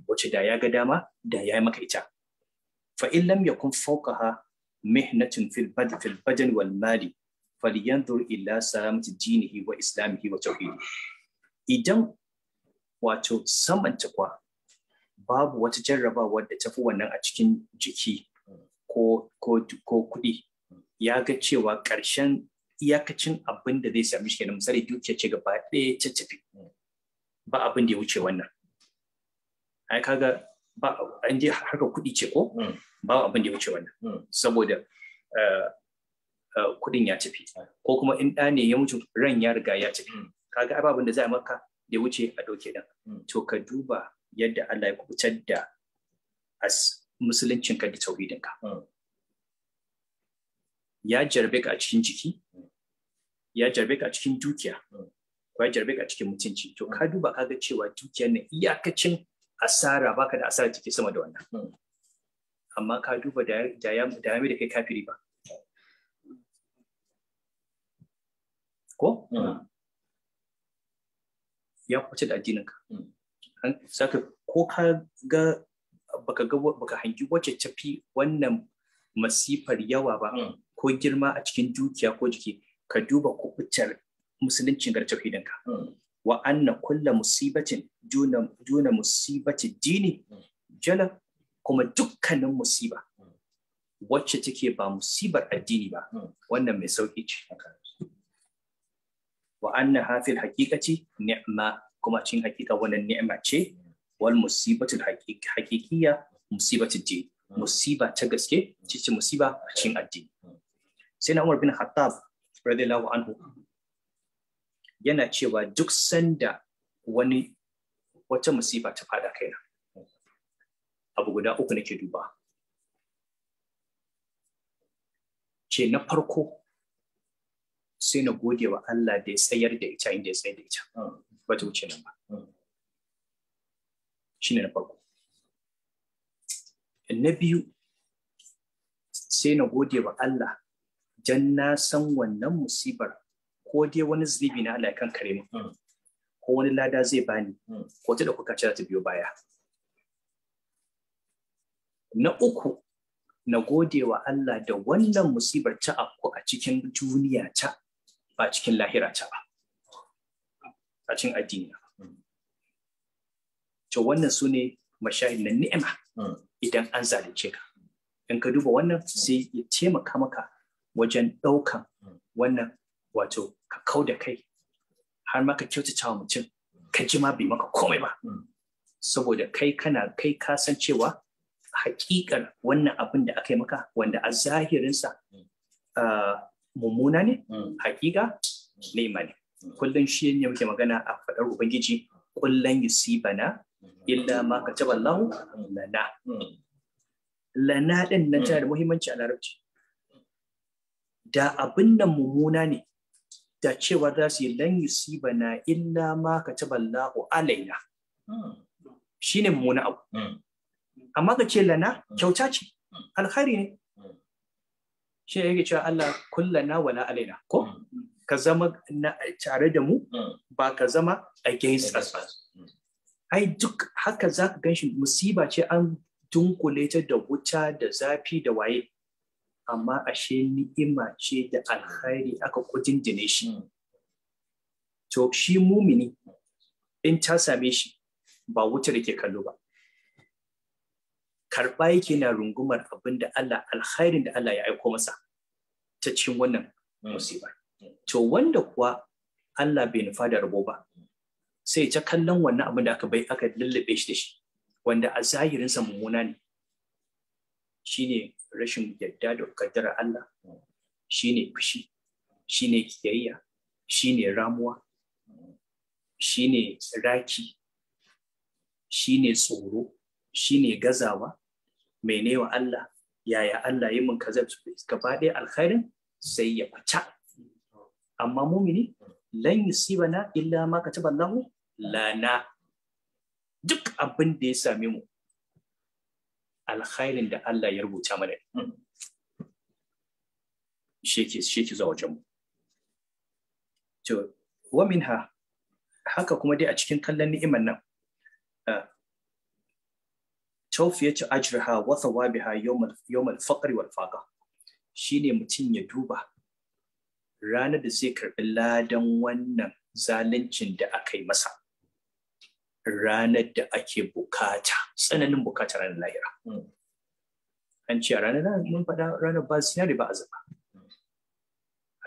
wacce da ya ga dama da ya yi maka ita fa in lam yakun fawqaha mihnatun fil badn fil badan wal mali falyanzur ila salamati dinihi wa islamihi wa tauhidi idan wato saman babu wata jarrabawa da tafi wannan a cikin jiki ko ko ko kuɗi ya ga cewa ƙarshen iyakacin abin da zai sami shi kenan misali dukiya ce gaba ɗaya tafi ba abin da ya wuce wannan ai kaga ba an je harkar kuɗi ce ko mm. ba abin da ya wuce wannan mm. saboda eh, eh, kuɗin ya tafi mm. ko kuma in ɗa ne ya mutu ran ya riga ya tafi kaga abin da za a maka ya wuce a ɗauke ɗin. Hmm. To ka duba yadda Allah ya kubutar da musuluncinka da tauhidinka. Hmm. Ya jarbe ka a cikin jiki, hmm. ya jarbe ka a cikin dukiya, ko ya jarbe ka a cikin mutunci. To ka duba ka ga cewa dukiya na iyakacin asara baka da asara take sama da wannan. Amma ka duba da ya da kai kafiri ba. Ko? ya kwace da addininka, ka hmm. saka ko ka ga baka ga baka hangi wacce tafi wannan masifar yawa ba hmm. ko girma a cikin dukiya ko jiki ka duba kubutar musuluncin gartafi ɗinka hmm. wa anna kulla musibatin juna, juna musibati dini jala kuma dukkanin musiba wacce take ba musibar addini ba wannan mai sauki ce wa anna hafil haqiqati ni'ma kuma cin haqiqa wannan ni'ma ce wal musibatu hakikiya musibatu ji musiba ta gaske cikin musiba a cikin addini sai na Umar bin Khattab radiyallahu anhu yana cewa duk sanda wani wata musiba ta fada kaina abu guda uku nake duba ce na farko sai na gode wa Allah da ya sayar da ita inda ya tsayar da ita mm. ba ta wuce nan ba mm. shi ne na farko na biyu sai na gode wa Allah don na san wannan musibar ko dai wani zubi na Allah kan kare mu mm. ko wani lada zai bani ko ta da kuka ce ta biyo baya na uku na gode wa Allah da wannan musibar ta a cikin duniya ta ba cikin lahira ta ba a cikin addini to wannan su ne mashayin na ni'ima idan an zalunce ka in ka duba wannan sai ya taimaka maka wajen ɗaukan wannan wato ka kau da kai har maka kyautata wa mutum ka ji ma bai maka komai ba saboda kai kana kai ka san cewa hakikar wannan abin da aka yi maka wanda a zahirinsa ah, mummuna ne mm. hakika ne ne mm. kullun shi ne muke magana a faɗar ubangiji kullan yusibana illa ma kataba Allah lana mm. lana din nan tana da muhimmanci a larabci da abin nan mummuna ne da cewa za su yi lan yusibana illa ma kataba Allah alaina shine mummuna abu amma ka ce lana kyauta ce alkhari ne shi ne yake cewa Allah kullana wala alaina ko ka zama tare da mu ba ka zama against us ba ai duk haka za ka gan shi musiba ce an dunkule ta da wuta da zafi da waye amma ashe ni'ima ce da alkhairi aka kudindine shi to shi mumini in ta same shi ba wuta da ke kallo ba karɓa yake na rungumar abin da Allah alkhairin da Allah ya aiko masa ta cikin wannan musiba to wanda kuwa Allah bai nufa da rabo ba sai ta kallon wannan abin da aka bai aka lullube shi da shi wanda a zahirinsa mummuna ne shine rashin yadda da kaddarar Allah shine fushi shine kiyayya shine ramuwa shine raki shine tsoro shine gazawa mene wa Allah yaya Allah yi mun kaza gaba ɗaya alkhairin sai ya kwata. amma mumini lan yusibana illa ma kataba Allah lana duk abin da ya same mu alkhairin da Allah ya rubuta mana hmm. shi ke zuwa wajen mu to wa minha haka kuma dai a cikin kallon ni'imar nan ah, ya ci tawfiyatu ajriha wa thawabiha yawmal yawmal faqri wal faqa shine mutum ya duba ranar da zai karɓi ladan wannan zaluncin da aka yi masa ranar da ake bukata tsananin bukata ranar lahira hmm. an ce ranar mun faɗa ranar ba zinari ba azaba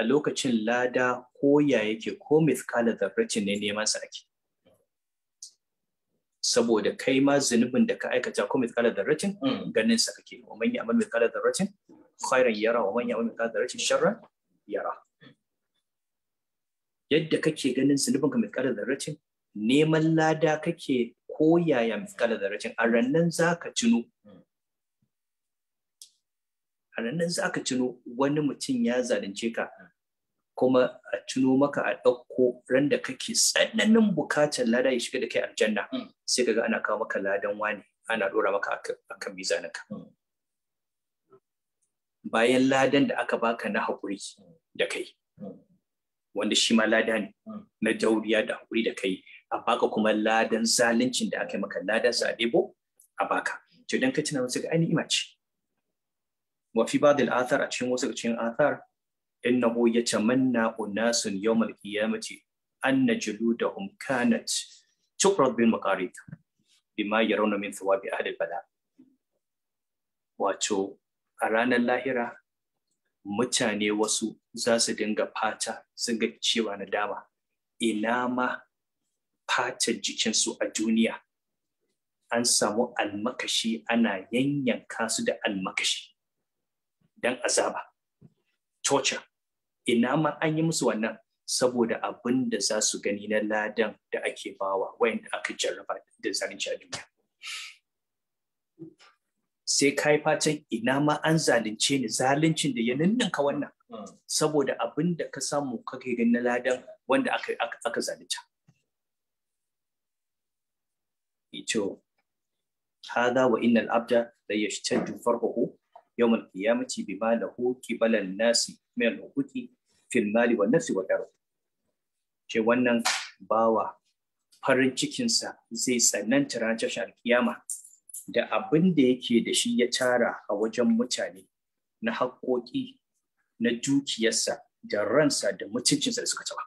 a lokacin lada ko ya yake ko mithqala dharratin ne neman sa ake saboda kai ma zunubin da ka aikata ko mai da dharratin hmm. ganin sa kake wa mai ya'mal da dharratin khairan yara wa mai ya'mal da dharratin sharran yara yadda kake ganin zunubin ka da dharratin neman lada kake ko yaya da dharratin a rannan zaka tuno hmm. a rannan za ka tuno wani mutum ya zalunce ka hmm. kuma a tuno maka a ɗauko ran da kake tsananin bukatar lada ya shiga da kai aljanna mm. sai kaga ana kawo maka ladan wani ana ɗora maka a kan naka mm. bayan ladan da aka baka na haƙuri mm. da kai wanda shi ma lada ne na dauriya da haƙuri da kai a baka kuma ladan zaluncin da aka yi maka ladan sa ɗebo a baka to don ka tuna wasu ga ainihin imaci. Wafi ba da a cikin wasu cikin athar innahu yatamanna unasun yawmal qiyamati anna juludahum kanat tuqrad bil maqarid bima yarawna min thawabi ahli bala wato a ranar lahira mutane wasu za su dinga fata sun ga cewa na dama ina ma fatar jikinsu a duniya an samu almakashi ana yanyanka su da almakashi don azaba torture ina ma an yi musu wannan saboda abin da za su gani na ladan da ake bawa wayanda aka jarraba da zalunci a duniya sai ka yi fatan ina ma an zalunce ni zaluncin da ya ninninka wannan saboda abin da ka samu kake gani na ladan wanda aka aka zalunta ito hada wa innal abda la yashtaddu farko Yawan qiyamati bima lahu qibala nasi min al-huquqi fil mali wan nafsi ce wannan bawa farin cikinsa zai tsananta ranar da abin da yake da shi ya tara a wajen mutane na haƙoƙi na dukiyarsa da ransa da mutuncinsa da suka taɓa.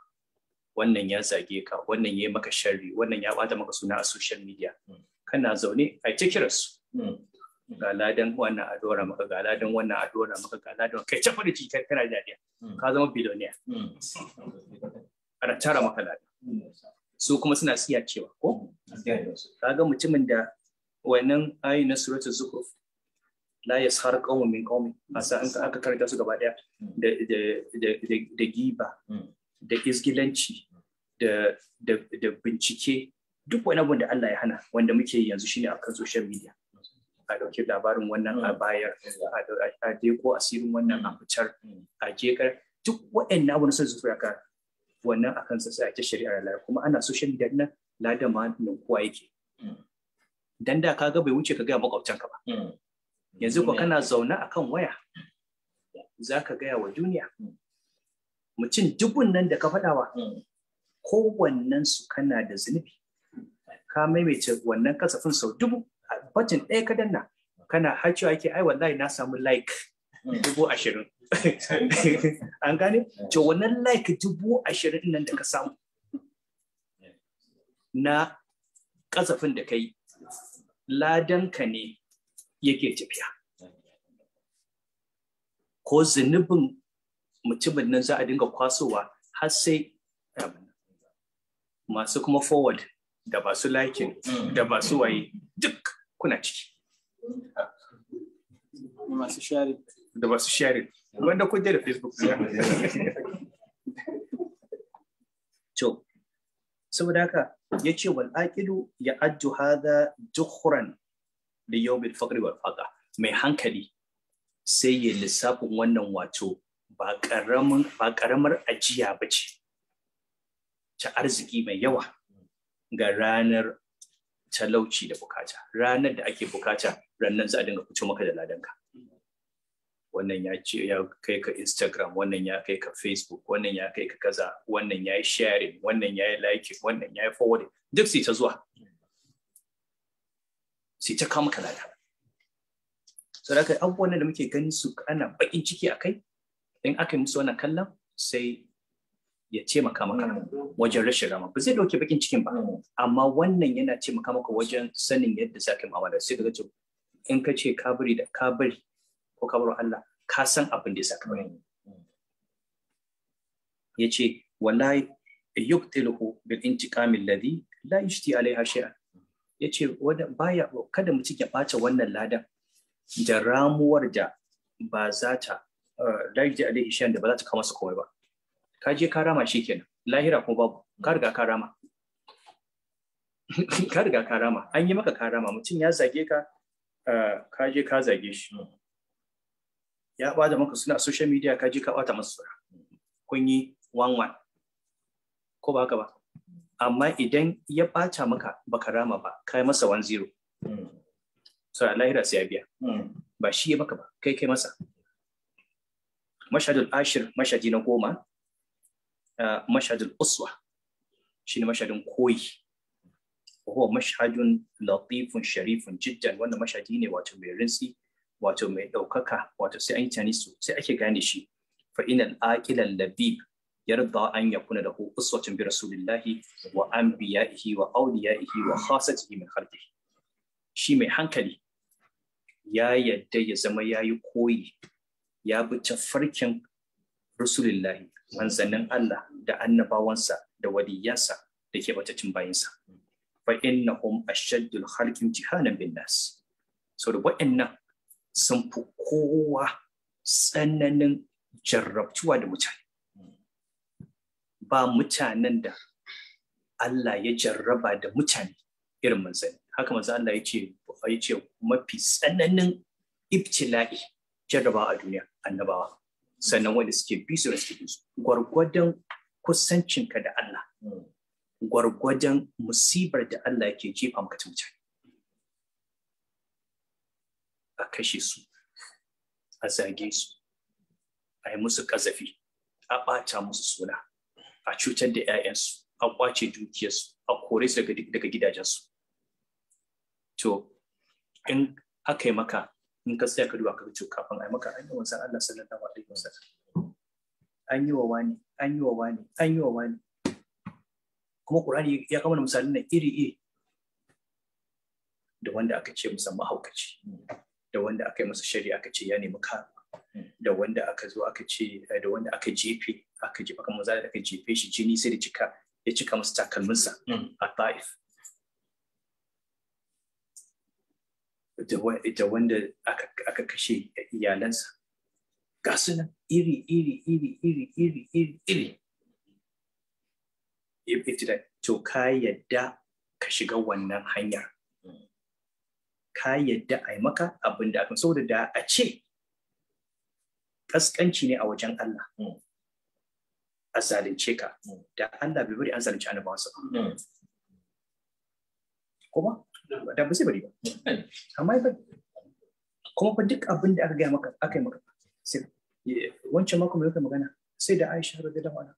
Wannan ya zage ka, wannan ya yi maka sharri, wannan ya bata maka suna a social media. Hmm. Kana zaune a ta kiransu. Hmm. ga ladan wannan a dora maka ga ladan wannan a dora maka ga ladan kai cafa da cikin kana dariya hmm. ka zama billionaire hmm. ana tara maka ladan su kuma suna siya cewa ko Ka ga mutumin da wannan ayi na suratul zukhruf la yashar qawmun min qawmin asa an aka karanta su gaba daya hmm. da da da giba da isgilanci da da bincike duk wani abu da Allah ya hana wanda muke yanzu shine akan social media a ɗauki labarin wannan a mm. bayar a ko asirin wannan a mm. fitar mm. a jekar duk waɗannan abu na son ka wannan a kansa sai a ta shari'ar lara kuma ana social media na lada ma kowa yake dan da kaga bai wuce ka gaya ka ba yanzu ko kana zaune kan waya za ka gaya wa duniya mutum dubun nan da ka faɗawa wannan su kana da zunubi ka maimaita wannan kasafin sau dubu button ɗaya ka danna kana har cewa ake ai wallahi na samu like hmm. dubu ashirin an gane to wannan like dubu ashirin nan da ka samu na kasafin da kai ladanka ne yake tafiya ko zunubin mutumin nan za a dinga kwasowa har sai um, masu kuma forward da ba su hmm. da basu waye duk kuna ciki masu share da masu share wanda kun je da facebook to saboda haka ya ce wal aƙidu ya ajju haza jukhran da yau al faqr wal faga mai hankali sai ya lissafin wannan wato ba ƙaramar ajiya ba ce ta arziki mai yawa ga ranar talauci da bukata ranar da ake bukata ranar za a dinga fito maka da ladanka wannan ya ce ya kai ka instagram wannan ya kai ka facebook wannan ya kai ka kaza wannan ya yi sharing wannan ya yi liking wannan ya yi forwarding duk sai ta zuwa sai ta kama ka lada saboda abubuwan da muke gani su ana bakin ciki akai in aka yi musu wannan kallon sai ya taimaka maka mm. wajen rashin rama ba zai dauke bakin cikin ba mm. amma wannan yana taimaka maka wajen sanin yadda za ka mu'amala sai ka ce in ka ce ka bari da ka bari ko ka bari Allah ka san abin da ya saka bari ya ce wallahi yuqtiluhu bil intiqami alladhi la yashti alaiha shay'a ya ce baya kada mu cike bace wannan ladan da ramuwar da ba za ta da eh, yushti alaihi shay'an da ba za ta kama su komai ba ka je ka rama shi kenan lahira ko babu ka riga ka rama ka riga ka rama an yi maka ka rama mutum ya zage ka ka je ka zage shi ya bada maka suna social media ka je ka bata masa sura kun yi one one ko ba haka ba amma idan ya bata maka baka rama ba kai masa one zero so lahira sai ya biya ba shi ya maka ba kai kai masa mashadul ashir mashadi na goma mashhadul uswa shine mashhadin koyi huwa mashhadun latifun sharifun jiddan wanda mashhadi ne wato mai rinsi wato mai ɗaukaka, wato sai an yi tani su sai ake gane shi fa inal aqilan labib yarba an yakuna lahu uswatun bi rasulillahi wa anbiya'ihi wa awliyaihi wa khassatihi min khalqihi shi mai hankali ya yadda ya zama ya yi koyi ya bi tafarkin rasulullahi manzannin Allah da annabawansa da waliyansa da ke batacin bayinsa fa innahum ashaddul khalqi jihanan bin nas so da wa'annan sun fi kowa tsananin jarrabtuwa da mutane ba mutanen da Allah ya jarraba da mutane irin manzanni haka manzo Allah ya ce mafi tsananin ibtila'i jarraba a duniya annabawa sannan wanda suke bi su da suke gwargwadon kusancinka da Allah hmm. gwargwadon musibar da Allah yake jefa maka ta mutane a kashe su a zage su a yi musu kazafi a ɓata musu suna a cutar da 'ya'yansu a kwace dukiyarsu a kore su daga gidajensu to in aka yi maka in ka tsaya ka duba ka ce kafin ai maka an yi wanzan Allah sallallahu alaihi wasallam an yi wa wani an yi wa wani an yi wa wani kuma Qur'ani ya kama misalin nan iri iri da wanda aka ce masa mahaukaci da wanda aka yi masa shari'a aka ce ya nemi karuwa da wanda aka zo aka ce eh, da wanda aka jefe aka jefe kamar zai da aka jefe shi jini sai da cika ya cika masa takalminsa mm. a ta'if da wanda aka kashe iyalansa ga su nan iri iri iri iri iri iri iri to ka yadda ka shiga wannan hanyar ka yadda a yi maka abin da aka saboda da a ce ƙasƙanci ne a wajen Allah a zalunce ka da Allah bai bari an zalunci annabawansa ba hmm. kuma da ba sai bari ba amma ba kuma fa duk abin da aka gaya maka aka yi maka sai wancan mako mai magana sai da Aisha radiyallahu anha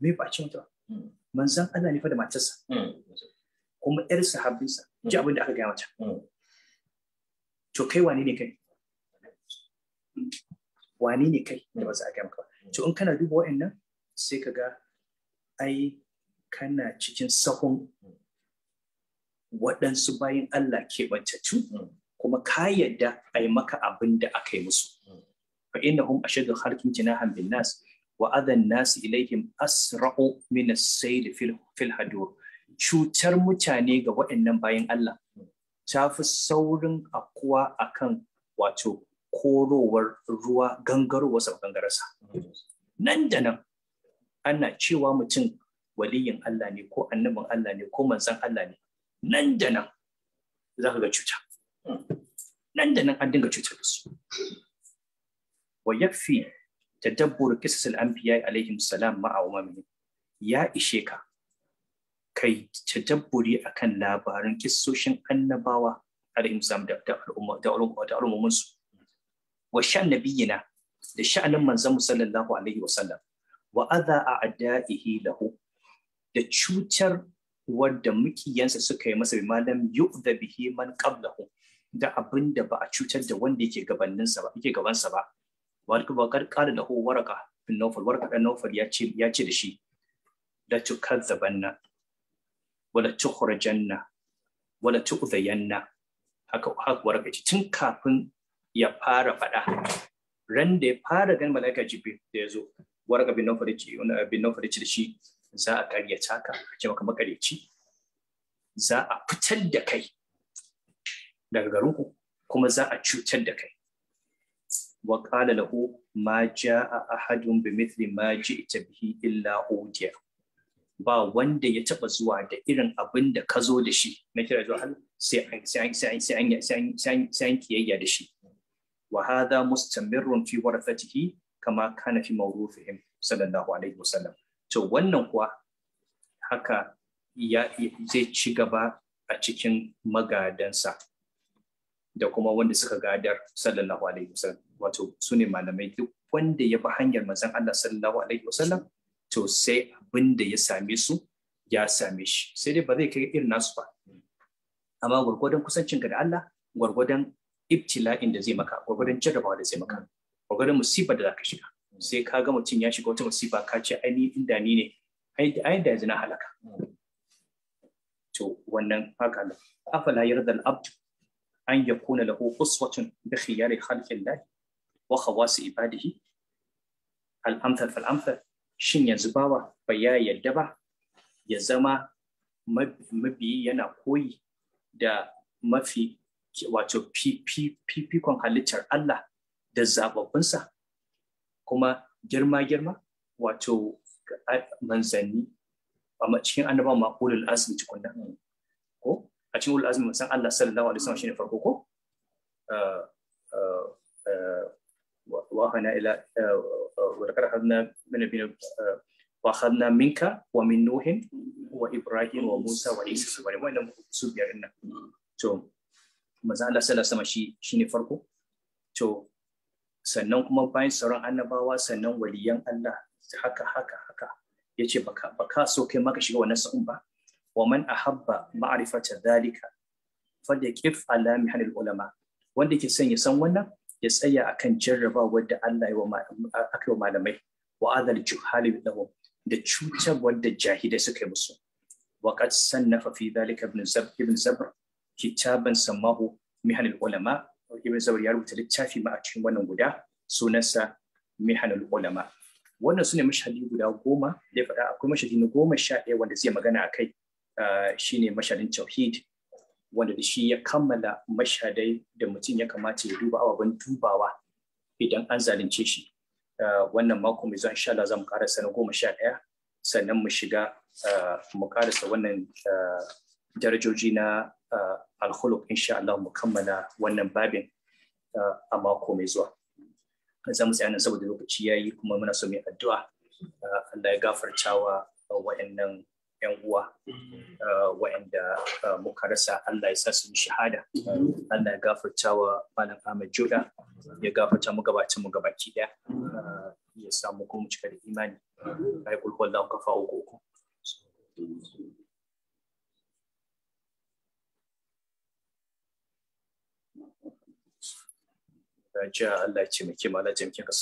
me ba ce mata hmm. manzan Allah ne fa da matarsa hmm. kuma yar sahabbinsa ji hmm. abin da aka gaya mata to kai wane ne kai wane ne kai da ba za a gaya maka ba to in kana duba wa'annan sai ka ga ai kana cikin sahun waɗansu bayan Allah ke kuma ka yadda a yi maka abin da aka yi musu. Fa a ashadu harkin jinahan bin nas wa adan nasu ilaihim asra'u min sai da fil Cutar mutane ga waɗannan bayan Allah ta fi saurin akuwa kan wato korowar ruwa gangarowar sa gangararsa. Nan da nan ana cewa mutum waliyin Allah ne ko annabin Allah ne ko manzan Allah ne nan da nan za ka ga cuta nan da nan an dinga cutar da su wa yakfi tadabbur qisas al-anbiya alaihim salam ma'a umamihim ya ishe ka kai tadabburi akan labarin kissoshin annabawa alaihim salam da al'umma da al'umma su wa shan nabiyina da sha'anin manzon sallallahu alaihi wa sallam wa adha a'da'ihi lahu da cutar wadda mukiyansa suka yi masa bi malam yu'dha bihi man qablahu da abin da ba a cutar da wanda yake gabaninsa ba yake gabansa ba walka ba qala lahu waraka bin nawfal waraka dan nawfal ya ce ya ce da shi la tukazzabanna wala tukhrajanna wala tu'zayanna haka haka waraka ce tun kafin ya fara fada ran da ya fara gan malaika jibril da ya zo waraka bin nawfal ce bin nawfal ce da shi za a karyata ka a ce maka makareci za a fitar da kai daga garinku kuma za a cutar da kai wa qala lahu ma jaa ahadun bi mithli ma ji'ta bihi illa udiya ba wanda ya taba zuwa da irin abin da ka zo da shi na kira zuwa hal sai an sai an kiyayya da shi wa hadha mustamirrun fi warathatihi kama kana fi mawruthihim sallallahu alaihi wasallam to wannan kuwa haka ya zai ci gaba a cikin magadansa da kuma wanda suka gadar sallallahu alaihi wasallam wato su ne malamai duk wanda ya bi hanyar manzon Allah sallallahu alaihi wasallam to sai abin da ya same su ya same shi sai dai ba zai kai irin nasu ba amma gwargwadon kusancinka da Allah gwargwadon ibtila'in da zai maka gwargwadon jarrabawa da zai maka gwargwadon musibar da za ka shiga sai ka ga mutum ya shiga wata masifa ka ce ai inda ni ne ai da yanzu na halaka to wannan haka ne afala yarda al-abd an yakuna lahu uswatun bi khiyari khalqillah wa khawas ibadihi al-amthal fal amthal shin yanzu bawa bai ya yarda ba ya zama mabiyi yana koyi da mafi wato fifikon halittar Allah da zababbinsa kuma girma-girma wato manzanni a cikin annaba ma ulul azmi tukunna ko a cikin ulul azmi san Allah sallallahu alaihi wasallam shine farko ko wa ah, ah, ah, wa wa hana ila min bin khadna minka wa min من wa ibrahim wa musa wa isa wa mai nan su biyar nan to manzo Allah sallallahu alaihi wasallam shi shine farko to sannan kuma bayan sauran annabawa sannan waliyan Allah haka haka haka yace baka baka so kai maka shiga wannan sa'un ba wa man ahabba ma'rifata dhalika falyaqif ala mihalil ulama wanda ke son ya san wannan ya tsaya akan jarraba wadda Allah aka wa malamai wa adal juhali lahum da cutar wadda jahilai suka yi musu wa qad sannafa fi dhalika ibn zabr ibn zabr kitaban samahu ulama ibn zawri ya rubuta littafi ma a cikin wannan guda sunansa mihanul ulama wannan su ne mashhadi guda goma da faɗa akwai mashhadi na goma sha ɗaya wanda zai magana a kai shine mashhadin tauhid wanda da shi ya kammala mashhadai da mutum ya kamata ya duba ababen dubawa idan an zalunce shi wannan mako mai zuwa insha za mu karasa na goma sha ɗaya sannan mu shiga mu karasa wannan darajoji na alkhuluk insha Allah mu kammala wannan babin a mako mai zuwa za mu tsaya nan saboda lokaci yayi kuma muna so yi addu'a Allah ya gafarta wa wa'annan yan uwa wa'anda muka rasa Allah ya sa su shahada Allah ya gafarta wa malam Ahmad Joda ya gafarta mu gabacin mu gabaki daya ya samu kuma cika da imani ai kulhu Allah ka fa'u ja Allah ya ce mai Allah ya ce mai kika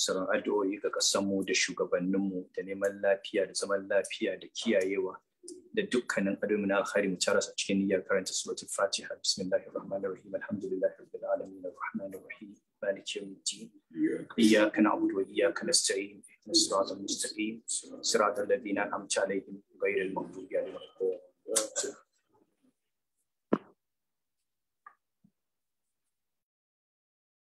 sauran addu'o'i ga kasanmu da shugabanninmu da neman lafiya da zaman lafiya da kiyayewa da dukkanin adomi na alkhairi mu tara a cikin niyyar karanta suratul fatiha bismillahir rahmanir alhamdulillahi rabbil alamin arrahmanir maliki yawmiddin iyyaka na'budu wa iyyaka nasta'in صراط المستقیم سرادی سرادر تین چالیت ویریل منگوایا